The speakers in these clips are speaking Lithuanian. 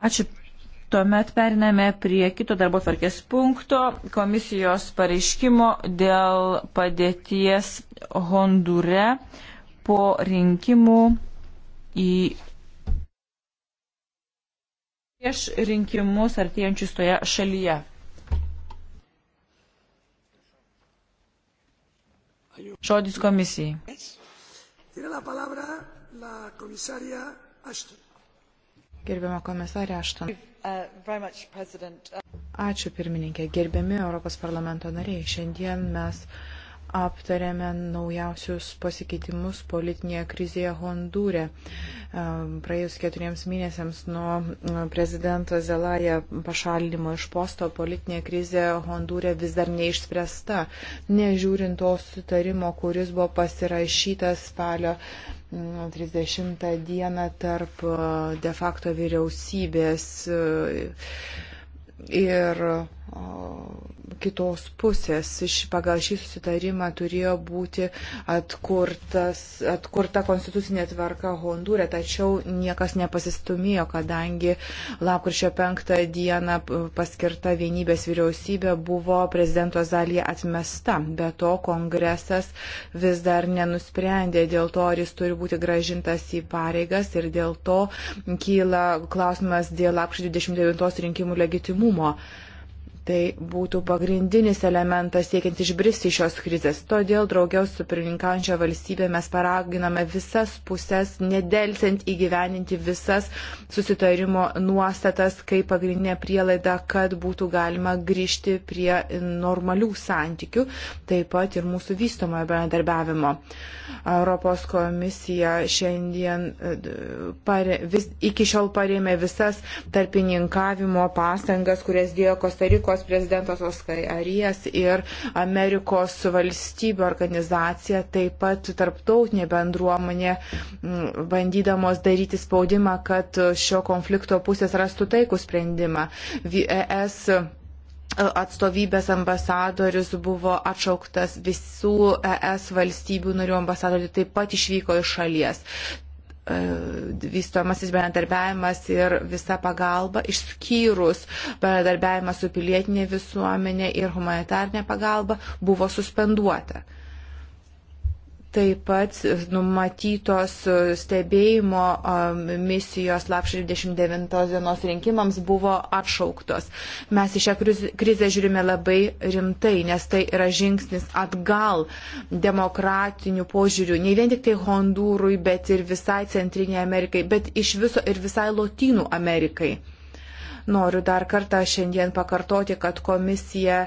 Ačiū. Tuomet periname prie kito darbo tvarkės punkto komisijos pareiškimo dėl padėties Hondūre po rinkimų į prieš rinkimus artėjančius toje šalyje. Žodis komisijai. Tiene la palabra la comisaria Ashton. Gerbiama komisarė Ašton. Uh, Ačiū pirmininkė. Gerbiami Europos parlamento nariai. Šiandien mes aptarėme naujausius pasikeitimus politinėje krizėje Hondūre. Praėjus keturiems mėnesiams nuo prezidento Zelaja pašalinimo iš posto politinė krizė Hondūre vis dar neišspręsta, nežiūrint to sutarimo, kuris buvo pasirašytas spalio 30 dieną tarp de facto vyriausybės ir kitos pusės. Iš, pagal šį susitarimą turėjo būti atkurtas, atkurta konstitucinė tvarka Hondūrė, tačiau niekas nepasistumėjo, kadangi lapkričio penktą dieną paskirta vienybės vyriausybė buvo prezidento Zalija atmesta. Be to, kongresas vis dar nenusprendė dėl to, ar jis turi būti gražintas į pareigas ir dėl to kyla klausimas dėl lapkričio 29 rinkimų legitimumo. Tai būtų pagrindinis elementas siekiant išbristi iš šios krizės. Todėl draugiaus su pirmininkančia valstybė mes paraginame visas pusės, nedelsiant įgyveninti visas susitarimo nuostatas kaip pagrindinė prielaida, kad būtų galima grįžti prie normalių santykių, taip pat ir mūsų vystomojo bendradarbiavimo. Europos komisija šiandien e, pare, vis, iki šiol parėmė visas tarpininkavimo pastangas, kurias dėjo Kostariko Meksikos prezidentas Oskarai Arijas ir Amerikos valstybių organizacija, taip pat tarptautinė bendruomenė, bandydamos daryti spaudimą, kad šio konflikto pusės rastų taikų sprendimą. VES atstovybės ambasadorius buvo atšauktas visų ES valstybių narių ambasadorių taip pat išvyko iš šalies. E, vystomasis bendarbiavimas ir visa pagalba, išskyrus bendarbiavimas su pilietinė visuomenė ir humanitarnė pagalba, buvo suspenduota. Taip pat numatytos stebėjimo um, misijos lapšį 29 dienos rinkimams buvo atšauktos. Mes į šią krizę žiūrime labai rimtai, nes tai yra žingsnis atgal demokratinių požiūrių, ne vien tik tai Hondūrui, bet ir visai Centrinėje Amerikai, bet iš viso ir visai Lotynų Amerikai. Noriu dar kartą šiandien pakartoti, kad komisija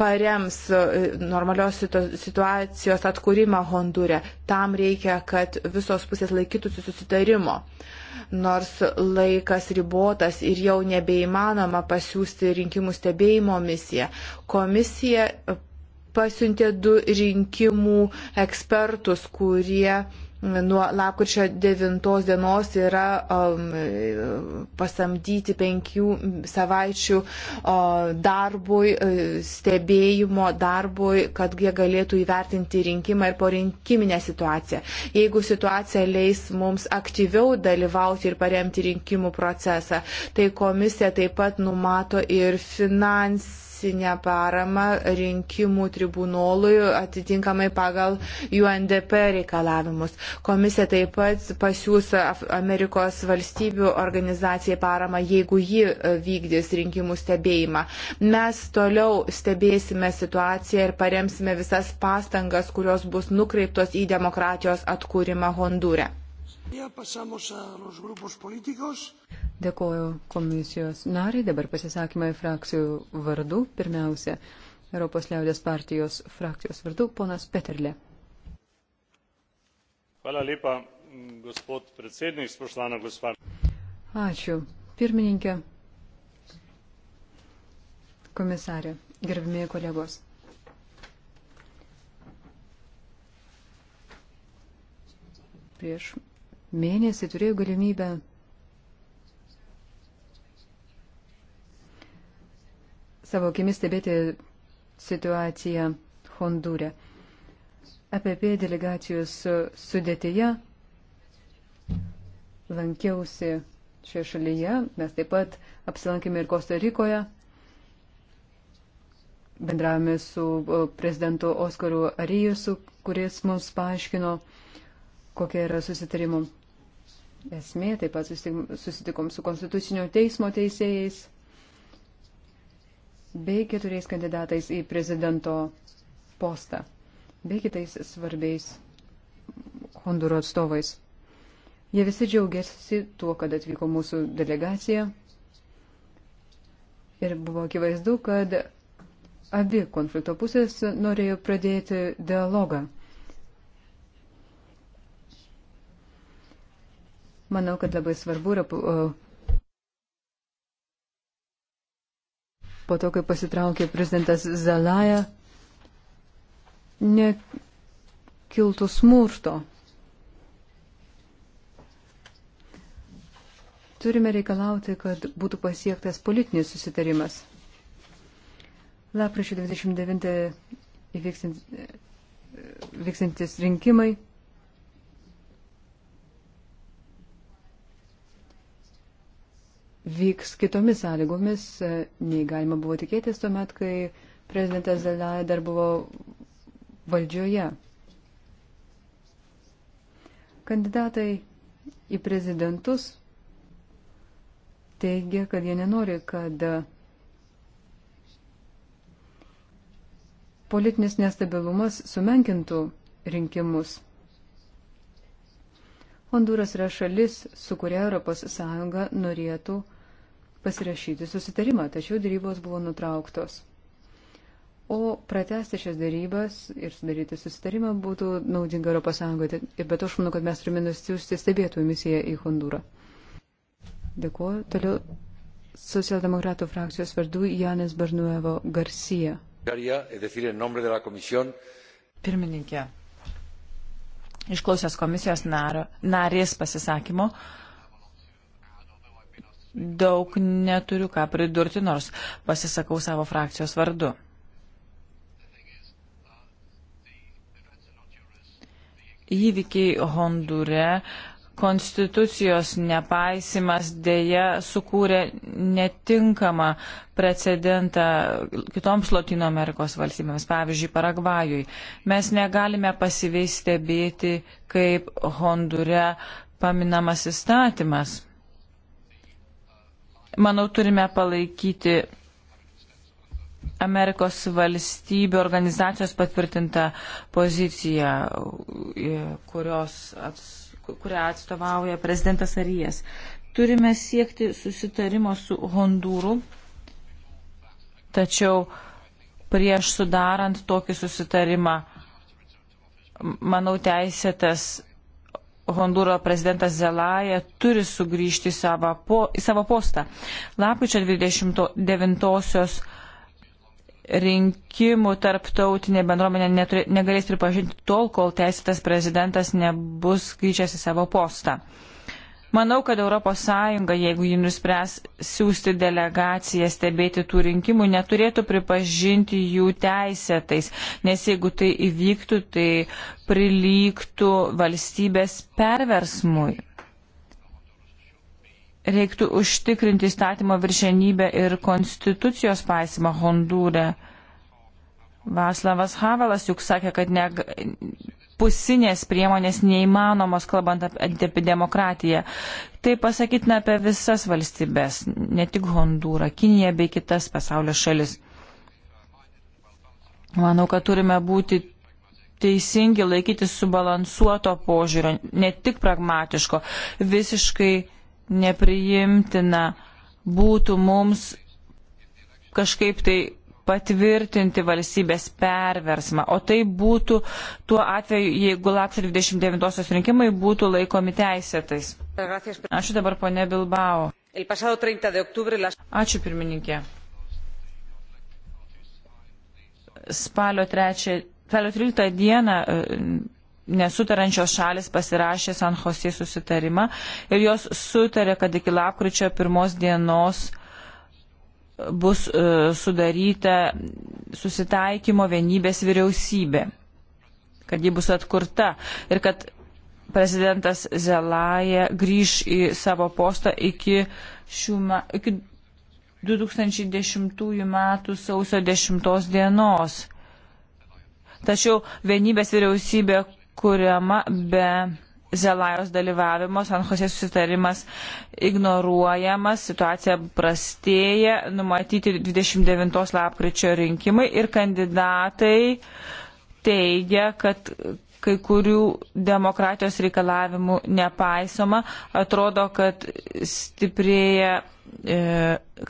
parems e, normalios situacijos atkūrimą Hondūre. Tam reikia, kad visos pusės laikytųsi susitarimo. Nors laikas ribotas ir jau nebeįmanoma pasiūsti rinkimų stebėjimo misiją, komisija pasiuntė du rinkimų ekspertus, kurie nuo lapkričio 9 dienos yra um, pasamdyti penkių savaičių um, darbui, e, stebėjimo darbui, kad jie galėtų įvertinti rinkimą ir porinkiminę situaciją. Jeigu situacija leis mums aktyviau dalyvauti ir paremti rinkimų procesą, tai komisija taip pat numato ir finansinį finansinę paramą rinkimų tribunolui atitinkamai pagal UNDP reikalavimus. Komisija taip pat pasiūs Amerikos valstybių organizacijai paramą, jeigu ji e, vykdys rinkimų stebėjimą. Mes toliau stebėsime situaciją ir paremsime visas pastangas, kurios bus nukreiptos į demokratijos atkūrimą Hondūre. Dėkoju komisijos nariai, dabar pasisakymai frakcijų vardu. Pirmiausia, Europos liaudės partijos frakcijos vardu, ponas Peterle. Hvala lepa, gospod predsednik, spoštovana gospa. Ačiū. Pirmininkė, komisarė, gerbimieji kolegos. Prieš mėnesį turėjau galimybę savo akimis stebėti situaciją Hondūre. APP e delegacijos sudėtyje lankiausi šioje šalyje, mes taip pat apsilankėme ir Kostarikoje, bendravome su prezidentu Oskaru Arijusu, kuris mums paaiškino, kokia yra susitarimo esmė. Taip pat susitikom su Konstitucinio teismo teisėjais bei keturiais kandidatais į prezidento postą bei kitais svarbiais Honduro atstovais. Jie visi džiaugiasi tuo, kad atvyko mūsų delegacija ir buvo akivaizdu, kad abi konflikto pusės norėjo pradėti dialogą Manau, kad labai svarbu yra po to, kai pasitraukė prezidentas Zalaja, nekiltų smurto. Turime reikalauti, kad būtų pasiektas politinis susitarimas. Laprašio 29 įvyksintis rinkimai vyks kitomis sąlygomis, e, nei galima buvo tikėtis tuomet, kai prezidentas Zelaya dar buvo valdžioje. Kandidatai į prezidentus teigia, kad jie nenori, kad politinis nestabilumas sumenkintų rinkimus. Honduras yra šalis, su kuria ES norėtų pasirašyti susitarimą, tačiau darybos buvo nutrauktos. O pratesti šias darybas ir sudaryti susitarimą būtų naudinga Europos Sąjungoje, bet aš manau, kad mes turime nusiųsti stebėtojų misiją į Hondūrą. Dėkuoju. Toliau socialdemokratų frakcijos vardu Janis Barnuevo Garcia. Pirmininkė, išklausęs komisijos nar, narės pasisakymo, uh, Daug neturiu ką pridurti, nors pasisakau savo frakcijos vardu. Įvykiai Hondūre, konstitucijos nepaisimas dėja sukūrė netinkamą precedentą kitoms Latino Amerikos valstybėms, pavyzdžiui, Paragvajui. Mes negalime pasiveistebėti, kaip Hondūre paminamas įstatymas. Manau, turime palaikyti Amerikos valstybių organizacijos patvirtinta pozicija, e, kurios ats, kurią atstovauja prezidentas Arijas. Turime siekti susitarimo su Hondūru, tačiau prieš sudarant tokį susitarimą, manau, teisėtas Hondūro prezidentas Zelaja turi sugrįžti į savo, po, į savo postą. Lapkričio 29-osios rinkimų tarptautinė bendruomenė neturė, negalės pripažinti tol, kol teisėtas prezidentas nebus grįžęs į savo postą. Manau, kad ES, jeigu ji nuspręs siūsti delegaciją stebėti tų rinkimų, neturėtų pripažinti jų teisėtais, nes jeigu tai įvyktų, tai prilygtų valstybės perversmui. Reiktų užtikrinti įstatymo viršenybę ir konstitucijos paisimą Hondūre. Vaslavas Havelas juk sakė, kad ne, vienpusinės priemonės neįmanomos, kalbant apie demokratiją. Tai pasakytina apie visas valstybės, ne tik Hondūrą, Kiniją bei kitas pasaulio šalis. Manau, kad turime būti teisingi laikytis subalansuoto požiūrio, ne tik pragmatiško, visiškai nepriimtina būtų mums kažkaip tai patvirtinti valstybės perversmą. O tai būtų tuo atveju, jeigu lapčio 29-osios rinkimai būtų laikomi teisėtais. Ačiū dabar ponė Bilbao. Ačiū pirmininkė. Spalio, 3, spalio 13 dieną e, nesutarančios šalis pasirašė San Jose susitarimą ir jos sutarė, kad iki lapkričio pirmos dienos bus e, sudaryta susitaikymo vienybės vyriausybė, kad ji bus atkurta ir kad prezidentas Zelaja grįž į savo postą iki, šių, iki 2010 metų sausio 10 dienos. Tačiau vienybės vyriausybė kuriama be Zelajos dalyvavimo San Jose susitarimas ignoruojamas, situacija prastėja, numatyti 29 lapkričio rinkimai ir kandidatai teigia, kad kai kurių demokratijos reikalavimų nepaisoma, atrodo, kad stiprėja, e,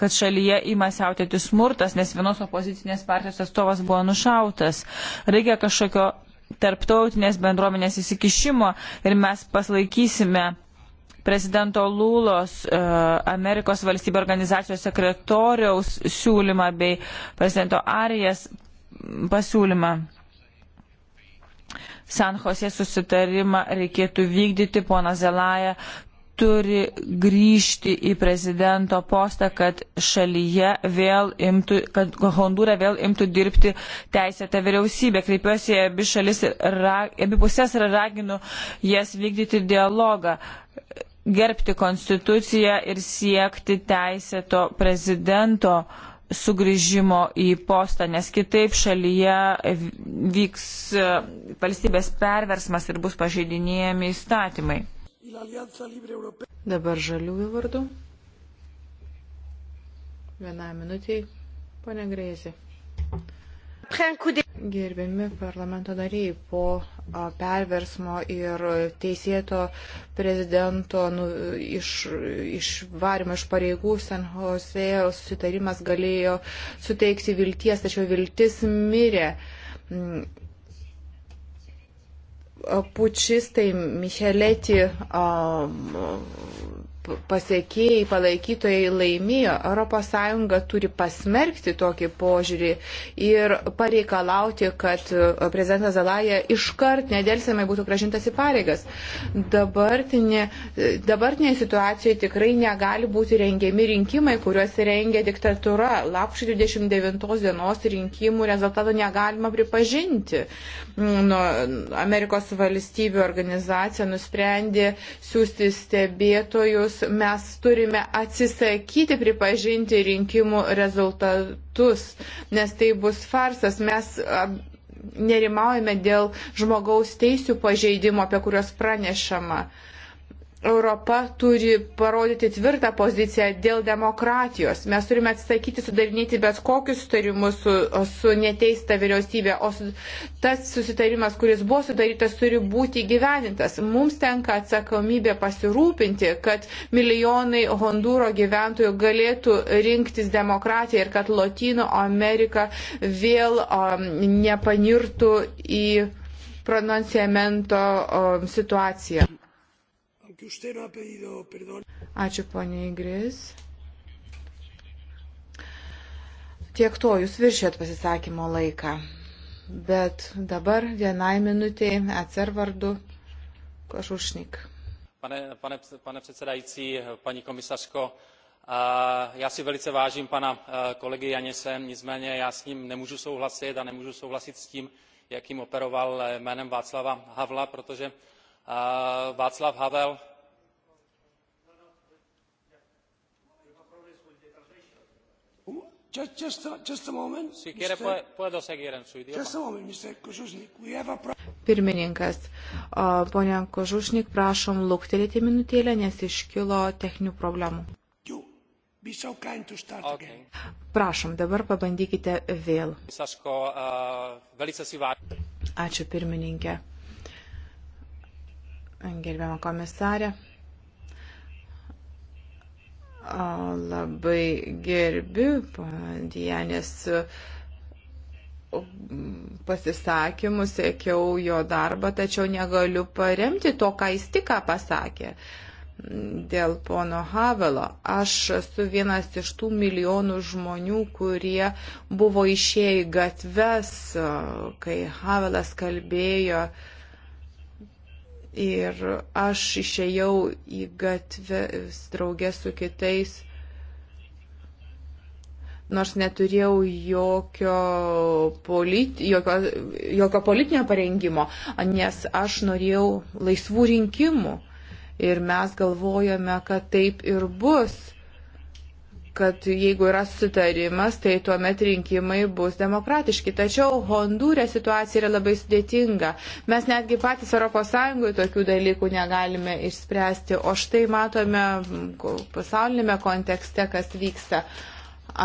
kad šalyje ima siautėti smurtas, nes vienos opozicinės partijos atstovas buvo nušautas. Reikia kažkokio tarptautinės bendruomenės įsikišimo ir mes paslaikysime prezidento Lūlos e, Amerikos valstybių organizacijos sekretoriaus siūlymą bei prezidento Arijas pasiūlymą. San Jose susitarimą reikėtų vykdyti, pona Zelaja turi grįžti į prezidento postą, kad šalyje vėl imtų, kad Hondūra vėl imtų dirbti teisėtą vyriausybę. Kreipiuosi į abi šalis ir abi pusės ir raginu jas vykdyti dialogą, gerbti konstituciją ir siekti teisėto prezidento sugrįžimo į postą, nes kitaip šalyje vyks valstybės perversmas ir bus pažeidinėjami įstatymai. Dabar žaliųjų vardu. Vieną minutį, ponia Grėzė. Gerbiami parlamento nariai, po perversmo ir teisėto prezidento nu, iš, išvarimo iš pareigų San Jose susitarimas galėjo suteikti vilties, tačiau viltis mirė. Mm, pučistai Mišelėti pasiekėjai, palaikytojai laimėjo. ES turi pasmerkti tokį požiūrį ir pareikalauti, kad prezidentas Zalaja iškart nedėlsiamai būtų gražintas į pareigas. Dabartinė, dabartinėje situacijoje tikrai negali būti rengiami rinkimai, kuriuos rengia diktatūra. Lapkričio 29 dienos rinkimų rezultato negalima pripažinti. Nu, Amerikos valstybių organizacija nusprendė siūsti stebėtojus vertus mes turime atsisakyti pripažinti rinkimų rezultatus, nes tai bus farsas. Mes nerimaujame dėl žmogaus teisų pažeidimo, apie kurios pranešama. Uh, Europa turi parodyti tvirtą poziciją dėl demokratijos. Mes turime atsisakyti sudarinėti bet kokius sutarimus su, su neteista vyriausybė, o su, tas susitarimas, kuris buvo sudarytas, turi būti gyvenintas. Mums tenka atsakomybė pasirūpinti, kad milijonai Hondūro gyventojų galėtų rinktis demokratiją ir kad Latino Amerika vėl um, nepanirtų į pronunciamento um, situaciją. Ačiū, ponė Igris. Tiek to, jūs viršėt pasisakymo laiką. Bet dabar vienai minutiai atsarvardu Košušnik. Pane, pane, pane předsedající, paní komisařko, já si velice vážím pana kolegy Janise, nicméně já s ním nemůžu souhlasit a nemůžu souhlasit s tím, jakým operoval jménem Václava Havla, protože Václav Havel Hmm? Just, just, just a moment. Si quiere, Mister... puedo seguir en su idioma. Just a moment, Mr. Kužužnik. We have a problem. Pirmininkas, ponia Kužužnik, prašom luktelėti minutėlę, nes iškilo techninių problemų. You be so kind to start okay. again. Prašom, dabar pabandykite vėl. Ačiū pirmininkė. Gerbiama komisarė labai gerbiu Dianės pasisakymus, sėkiau jo darbą, tačiau negaliu paremti to, ką jis tik ką pasakė. Dėl pono Havelo, aš esu vienas iš tų milijonų žmonių, kurie buvo išėję į gatves, kai Havelas kalbėjo uh, Ir aš išėjau į gatvę draugę su kitais, nors neturėjau jokio, politi jokio, jokio politinio parengimo, nes aš norėjau laisvų rinkimų. Ir mes galvojame, kad taip ir bus kad jeigu yra sutarimas, tai tuomet rinkimai bus demokratiški. Tačiau Hondūrė situacija yra labai sudėtinga. Mes netgi patys ES tokių dalykų negalime išspręsti, o štai matome pasaulinėme kontekste, kas vyksta.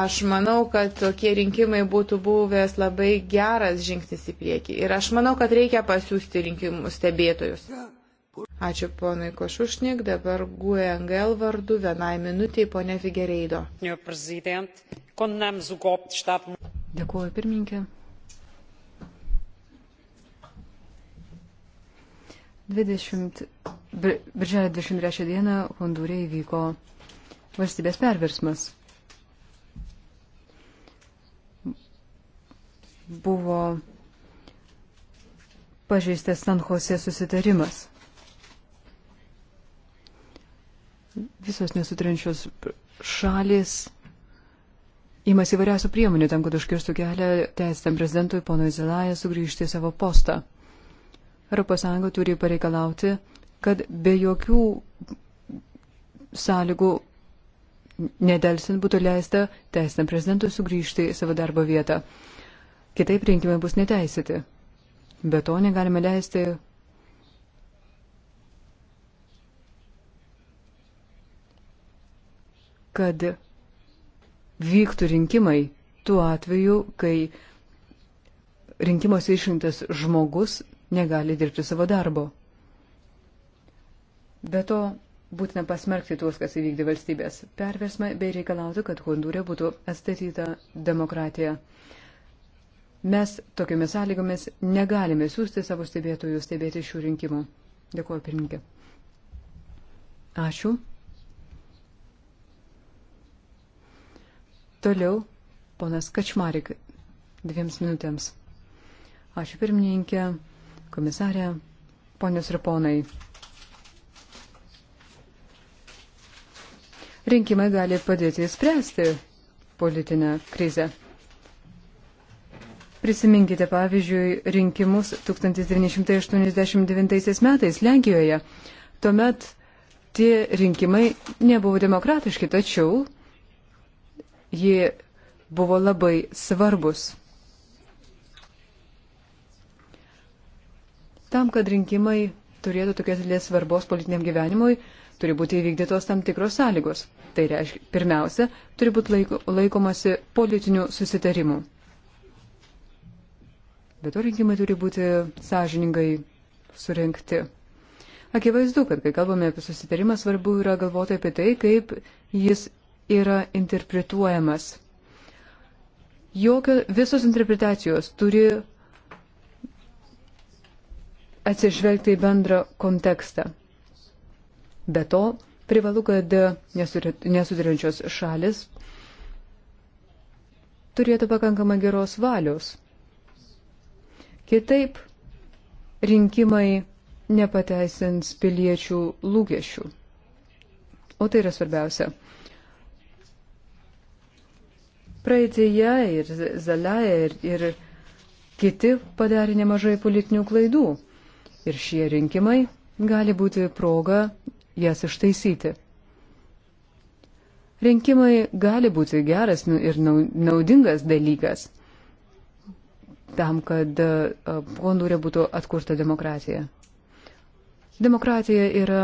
Aš manau, kad tokie rinkimai būtų buvęs labai geras žingsnis į priekį. Ir aš manau, kad reikia pasiūsti rinkimų stebėtojus. Yeah. Ačiū ponui Košušnik, dabar GUNGL vardu vienai minutiai ponė Figereido. Dėkuoju pirmininkė. 20, birželio 23 dieną Hondūrė įvyko valstybės perversmas. Buvo pažeistas San Jose susitarimas. Visos nesutrenčios šalis įmasi įvairiausių priemonių tam, kad užkirstų kelią teisėtam prezidentui ponui Zelaja sugrįžti į savo postą. ES turi pareikalauti, kad be jokių sąlygų nedelsint būtų leista teisėtam prezidentui sugrįžti į savo darbo vietą. Kitaip rinkimai bus neteisėti. Be to negalime leisti, kad vyktų rinkimai tuo atveju, kai rinkimuose išrinktas žmogus negali dirbti savo darbo. Be to, būtina pasmerkti tuos, kas įvykdė valstybės perversmą bei reikalauti, kad Hondūrė būtų atstatyta demokratija. Mes tokiomis sąlygomis negalime siūsti savo stebėtojų stebėti šių rinkimų. Dėkuoju, pirmininkė. Ačiū. Toliau ponas Kačmarik dviems minutėms. Ačiū pirmininkė, komisarė, ponios ir ponai. Rinkimai gali padėti įspręsti politinę krizę. Prisiminkite, pavyzdžiui, rinkimus 1989 metais Lenkijoje. Tuomet tie rinkimai nebuvo demokratiški, tačiau ji buvo labai svarbus. Tam, kad rinkimai turėtų tokios didelės svarbos politiniam gyvenimui, turi būti įvykdytos tam tikros sąlygos. Tai reiškia, pirmiausia, turi būti laiko, laikomasi politinių susitarimų. Bet to rinkimai turi būti sąžiningai surinkti. Akivaizdu, kad kai kalbame apie susitarimą, svarbu yra galvoti apie tai, kaip jis yra interpretuojamas. Jokio, visos interpretacijos turi atsižvelgti į bendrą kontekstą. Be to, privalu, kad nesudarančios šalis turėtų pakankamai geros valios. Kitaip, rinkimai nepateisins piliečių lūkesčių. O tai yra svarbiausia praeitėje ir Zalaja ir, ir kiti padarė nemažai politinių klaidų. Ir šie rinkimai gali būti proga jas ištaisyti. Rinkimai gali būti geras nu-, ir naudingas dalykas tam, kad Hondūre būtų atkurta demokratija. Demokratija yra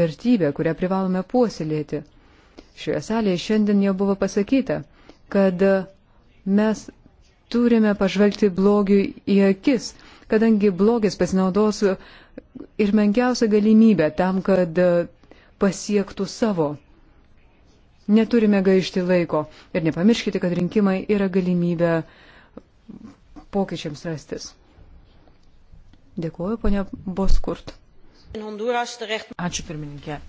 vertybė, kurią privalome puoselėti. Šioje salėje šiandien jau buvo pasakyta, kad mes turime pažvelgti blogiui į akis, kadangi blogis pasinaudos ir menkiausią galimybę tam, kad pasiektų savo. Neturime gaišti laiko ir nepamirškite, kad rinkimai yra galimybė pokyčiams rastis. Dėkuoju, ponia Boskurt. Ačiū, pirmininkė.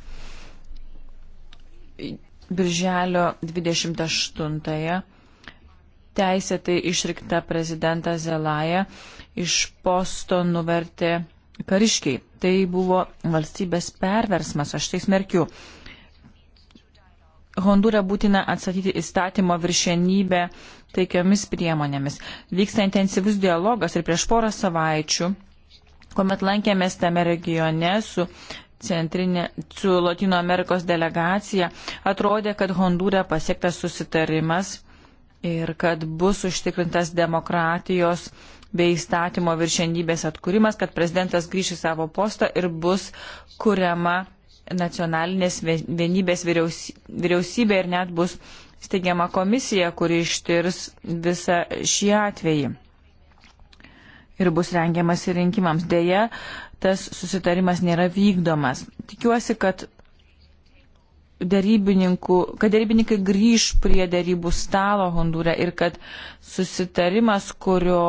Birželio 28-ąją teisėtai išriktą prezidentą Zelają iš posto nuvertė kariškiai. Tai buvo valstybės perversmas, aš tai smerkiu. Hondūrą būtina atsakyti įstatymo viršenybę taikiomis priemonėmis. Vyksta intensyvus dialogas ir prieš porą savaičių, kuomet lankėmės tame regione su centrinė, su Latino Amerikos delegacija, atrodė, kad Hondūre pasiektas susitarimas ir kad bus užtikrintas demokratijos bei įstatymo viršenybės atkūrimas, kad prezidentas grįš į savo postą ir bus kuriama nacionalinės vienybės vyriausybė ir net bus steigiama komisija, kuri ištirs visą šį atvejį. Ir bus rengiamas rinkimams. Deja, uh, tas susitarimas nėra vykdomas. Tikiuosi, kad, kad darybininkai grįž prie darybų stalo Hondūre ir kad susitarimas, kurio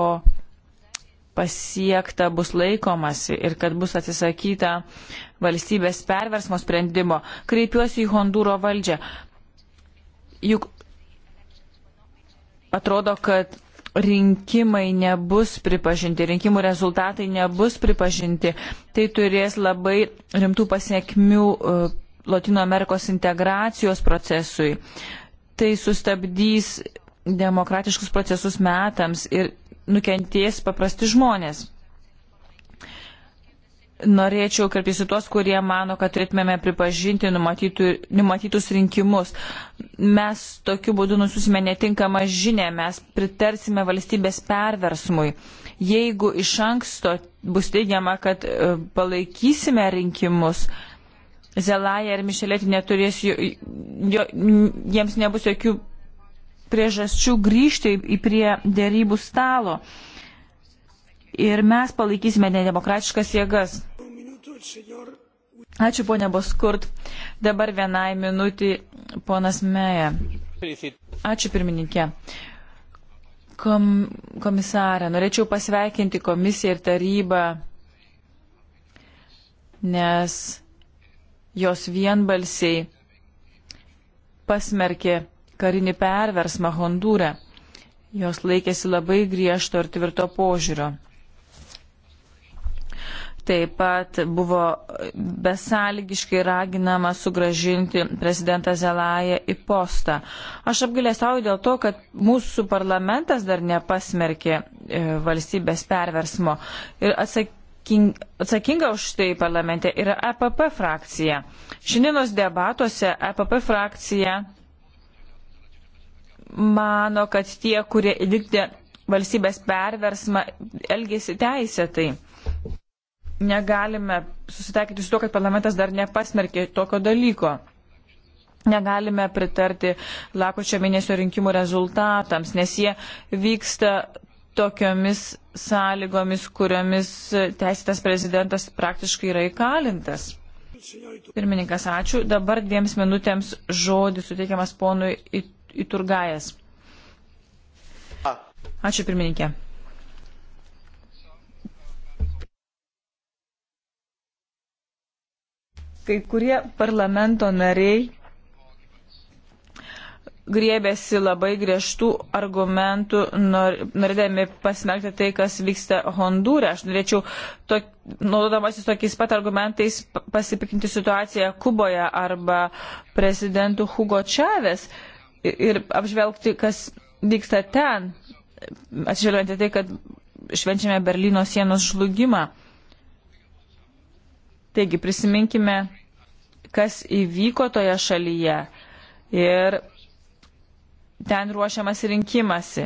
pasiekta bus laikomasi ir kad bus atsisakyta valstybės perversmo sprendimo. Kreipiuosi į Hondūro valdžią. Juk atrodo, kad rinkimai nebus pripažinti, rinkimų rezultatai nebus pripažinti, tai turės labai rimtų pasiekmių e, Latino Amerikos integracijos procesui. Tai sustabdys demokratiškus procesus metams ir nukentės paprasti žmonės. Norėčiau kalbėti tuos, kurie mano, kad turėtumėme pripažinti numatytų, numatytus rinkimus. Mes tokiu būdu nususime netinkamą žinę, mes pritarsime valstybės perversmui. Jeigu iš anksto bus teigiama, kad e, palaikysime rinkimus, Zelaja ir Mišelėti neturės, jo, jo, jiems nebus jokių priežasčių grįžti į prie dėrybų stalo. Uh, ir mes palaikysime nedemokratiškas jėgas. Ačiū, ponė Boskurt. Dabar vienai minutį, ponas Meja. Ačiū, pirmininkė. Kom, komisarė, norėčiau pasveikinti komisiją ir tarybą, nes jos vienbalsiai pasmerkė karinį perversmą Hondūre. Jos laikėsi labai griežto ir tvirto požiūrio. Taip pat buvo besąlygiškai raginama sugražinti prezidentą Zelają į postą. Aš apgailėstauju dėl to, kad mūsų parlamentas dar nepasmerkė e, valstybės perversmo. Ir atsaking, atsakinga už tai parlamente yra EPP frakcija. Šiandienos debatuose EPP frakcija mano, kad tie, kurie įvykdė valstybės perversmą, elgėsi teisėtai negalime susitaikyti su to, kad parlamentas dar nepasmerkė tokio dalyko. Negalime pritarti lakučio mėnesio rinkimų rezultatams, nes jie vyksta tokiomis sąlygomis, kuriomis teisėtas prezidentas praktiškai yra įkalintas. Pirmininkas, ačiū. Dabar dviems minutėms žodis suteikiamas ponui Iturgajas. Ačiū pirmininkė. Kai kurie parlamento nariai griebėsi labai griežtų argumentų, nor, norėdami pasmerkti tai, kas vyksta Hondūre. Aš norėčiau, to, naudodamasis tokiais pat argumentais, pasipiktinti situaciją Kuboje arba prezidentų Hugo Čavės ir, ir apžvelgti, kas vyksta ten, atsižvelgiant į tai, kad švenčiame Berlyno sienos žlugimą. Taigi prisiminkime, kas įvyko toje šalyje ir ten ruošiamas rinkimasi,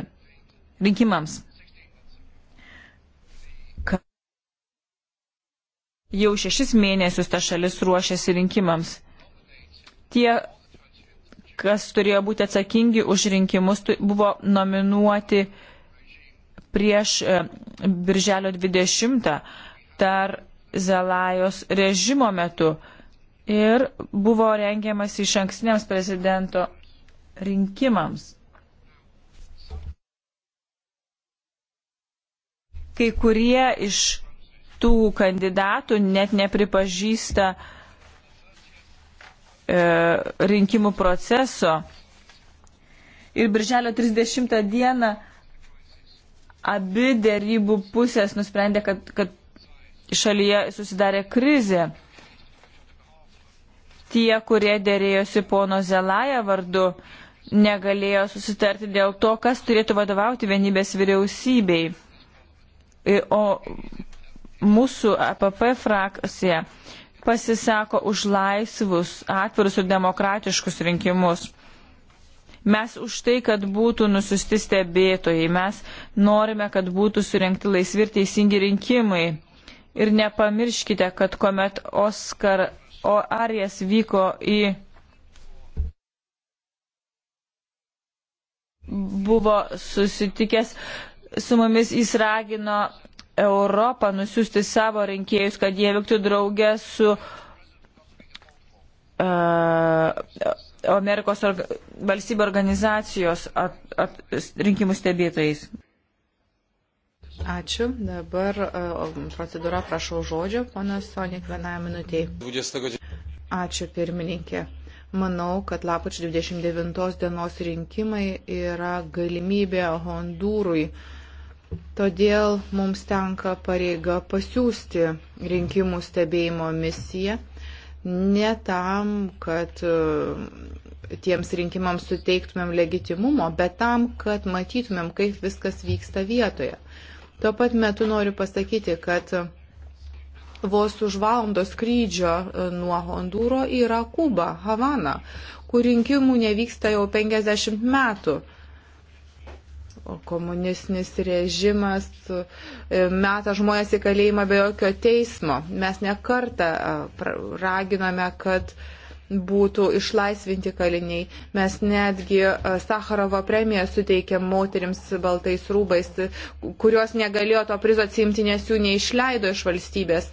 rinkimams. Jau šešis mėnesius ta šalis ruošiasi rinkimams. Tie, kas turėjo būti atsakingi už rinkimus, buvo nominuoti prieš e, Birželio 20. Dar Zelajos režimo metu ir buvo rengiamas iš ankstiniams prezidento rinkimams. Kai kurie iš tų kandidatų net nepripažįsta e, rinkimų proceso. Ir birželio 30 dieną abi dėrybų pusės nusprendė, kad, kad šalyje susidarė krizė. Tie, kurie dėrėjosi pono Zelaja vardu, negalėjo susitarti dėl to, kas turėtų vadovauti vienybės vyriausybei. O mūsų APP frakcija pasisako už laisvus, atvirus ir demokratiškus rinkimus. Mes už tai, kad būtų nusiusti stebėtojai, mes norime, kad būtų surinkti laisvi ir teisingi rinkimai. Ir nepamirškite, kad kuomet Oskar O. Arijas vyko į. buvo susitikęs su mumis, jis ragino Europą nusiųsti savo rinkėjus, kad jie vyktų draugę su uh, Amerikos orga, valstybių organizacijos at, at, rinkimų stebėtojais. Ačiū. Dabar e, procedūra prašau žodžio, panas Sonik, vienam minutėjai. Ačiū, pirmininkė. Manau, kad lapučio 29 dienos rinkimai yra galimybė Hondūrui. Todėl mums tenka pareiga pasiūsti rinkimų stebėjimo misiją ne tam, kad e, tiems rinkimams suteiktumėm legitimumo, bet tam, kad matytumėm, kaip viskas vyksta vietoje. Tuo pat metu noriu pasakyti, kad vos už valandos skrydžio e, nuo Hondūro yra Kuba, Havana, kur rinkimų nevyksta jau 50 metų. O komunistinis režimas e, meta žmonės į kalėjimą be jokio teismo. Mes nekartą e, raginame, kad uh, būtų išlaisvinti kaliniai. Mes netgi e, Sakarovo premiją suteikėm moteriams baltais rūbais, kurios negalėjo to prizo atsimti, nes jų neišleido iš valstybės.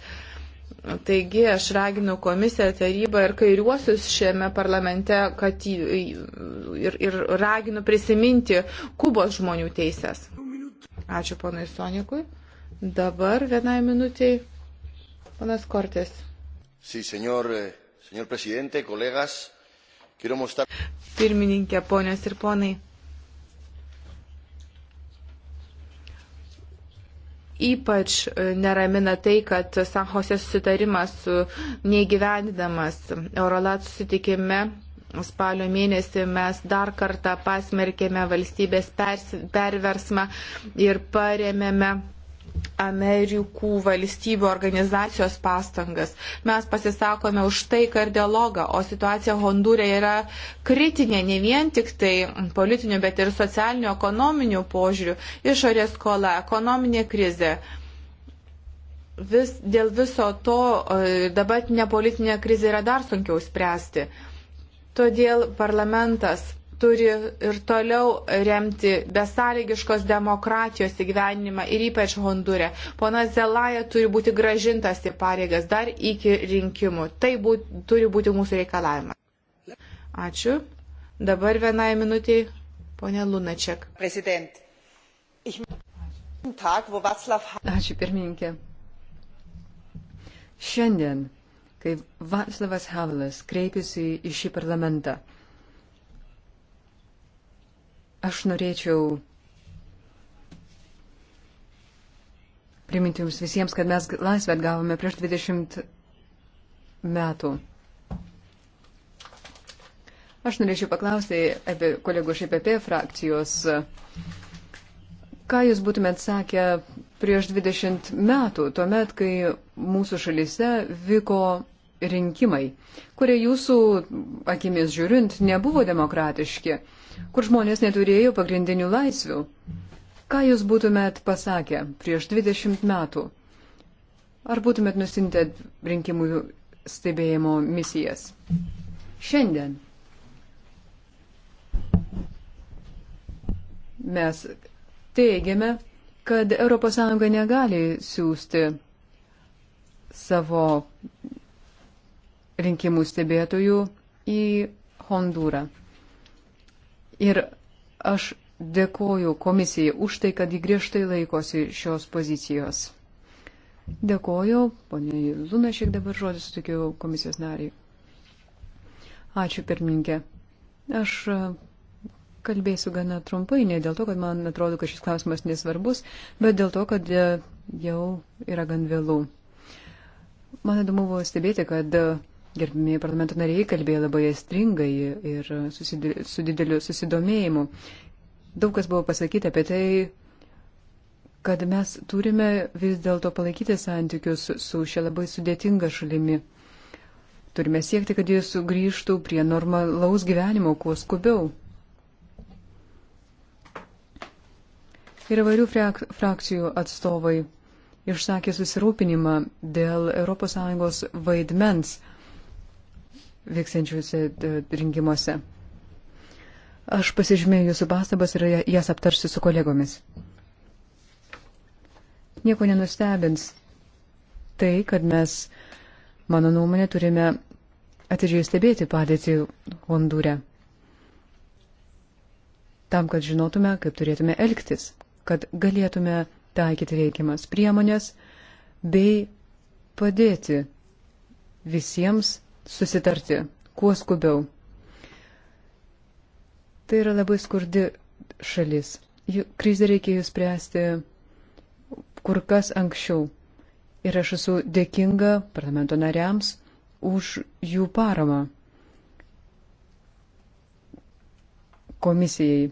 Taigi aš raginu komisiją, tarybą ir kairiuosius šiame parlamente, kad ir, ir raginu prisiminti Kubos žmonių teises. Ačiū ponui Sonikui. Dabar vienai minutiai. Panas Kortės. Sí, señor, eh, Señor presidente, kolegas, quiero mostrar. Pirmininkė, ponios ir ponai. ypač e, neramina tai, kad San Jose susitarimas neįgyvendinamas Eurolat susitikime. Spalio mėnesį mes dar kartą pasmerkėme valstybės perversmą ir paremėme Amerikų valstybių organizacijos pastangas. Mes pasisakome už taiką ir dialogą, o situacija Hondūrė yra kritinė ne vien tik tai politinių, bet ir socialinių, ekonominių požiūrių. Išorės skola, ekonominė krizė vis, dėl viso to e, dabartinė politinė krizė yra dar sunkiau spręsti. Todėl parlamentas turi ir toliau remti besąlygiškos demokratijos įgyvenimą ir ypač Hondūre. Ponas Zelaja turi būti gražintas į pareigas dar iki rinkimų. Tai būt, turi būti mūsų reikalavimas. Ačiū. Dabar vienai minutiai, ponė Lunačiak. Ačiū pirmininkė. Šiandien, kai Vaclavas Havelas kreipėsi į šį parlamentą, Aš norėčiau priminti jums visiems, kad mes laisvę atgavome prieš 20 metų. Aš norėčiau paklausti apie kolegų iš EPP frakcijos, ką jūs būtumėt sakę prieš 20 metų, tuomet, kai mūsų šalyse vyko rinkimai, kurie jūsų akimis žiūrint nebuvo demokratiški kur žmonės neturėjo pagrindinių laisvių. Ką jūs būtumėt pasakę prieš 20 metų? Ar būtumėt nusintę rinkimų stebėjimo misijas? Šiandien mes teigiame, kad ES negali siūsti savo rinkimų stebėtojų į Hondūrą. Ir aš dėkoju komisijai už tai, kad jį griežtai laikosi šios pozicijos. Dėkoju, ponė Luna, šiek dabar žodį sutikiu komisijos nariai. Ačiū, pirmininkė. Aš e, kalbėsiu gana trumpai, ne dėl to, kad man atrodo, kad šis klausimas nesvarbus, bet dėl to, kad e, jau yra gan vėlų. Man įdomu buvo stebėti, kad e, Gerbimiai parlamento nariai kalbėjo labai estringai ir susidė, su dideliu susidomėjimu. Daug kas buvo pasakyta apie tai, kad mes turime vis dėlto palaikyti santykius su šia labai sudėtinga šalimi. Turime siekti, kad jis sugrįžtų prie normalaus gyvenimo kuo skubiau. Ir įvairių frak frakcijų atstovai išsakė susirūpinimą dėl ES vaidmens vyksiančiuose e, rinkimuose. Aš pasižymėjau jūsų pastabas ir jas aptarsiu su kolegomis. Nieko nenustebins tai, kad mes, mano nuomonė, turime atidžiai stebėti padėtį Hondūre. Tam, kad žinotume, kaip turėtume elgtis, kad galėtume taikyti reikiamas priemonės bei padėti visiems susitarti, kuo skubiau. Tai yra labai skurdi šalis. Krizę reikėjo spręsti kur kas anksčiau. Ir aš esu dėkinga parlamento nariams už jų paramą komisijai.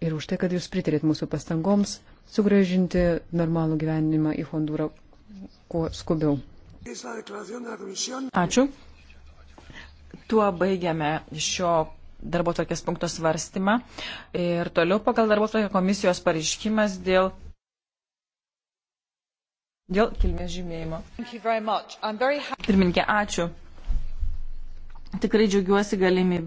Ir už tai, kad jūs pritarėt mūsų pastangoms sugražinti normalų gyvenimą į Hondūrą kuo skubiau. Ačiū. Tuo baigiame šio darbo tokias punkto svarstymą. Ir toliau pagal darbo tokia komisijos pareiškimas dėl. Dėl kilmės žymėjimo. Pirmininkė, ačiū. Tikrai džiaugiuosi galimybę.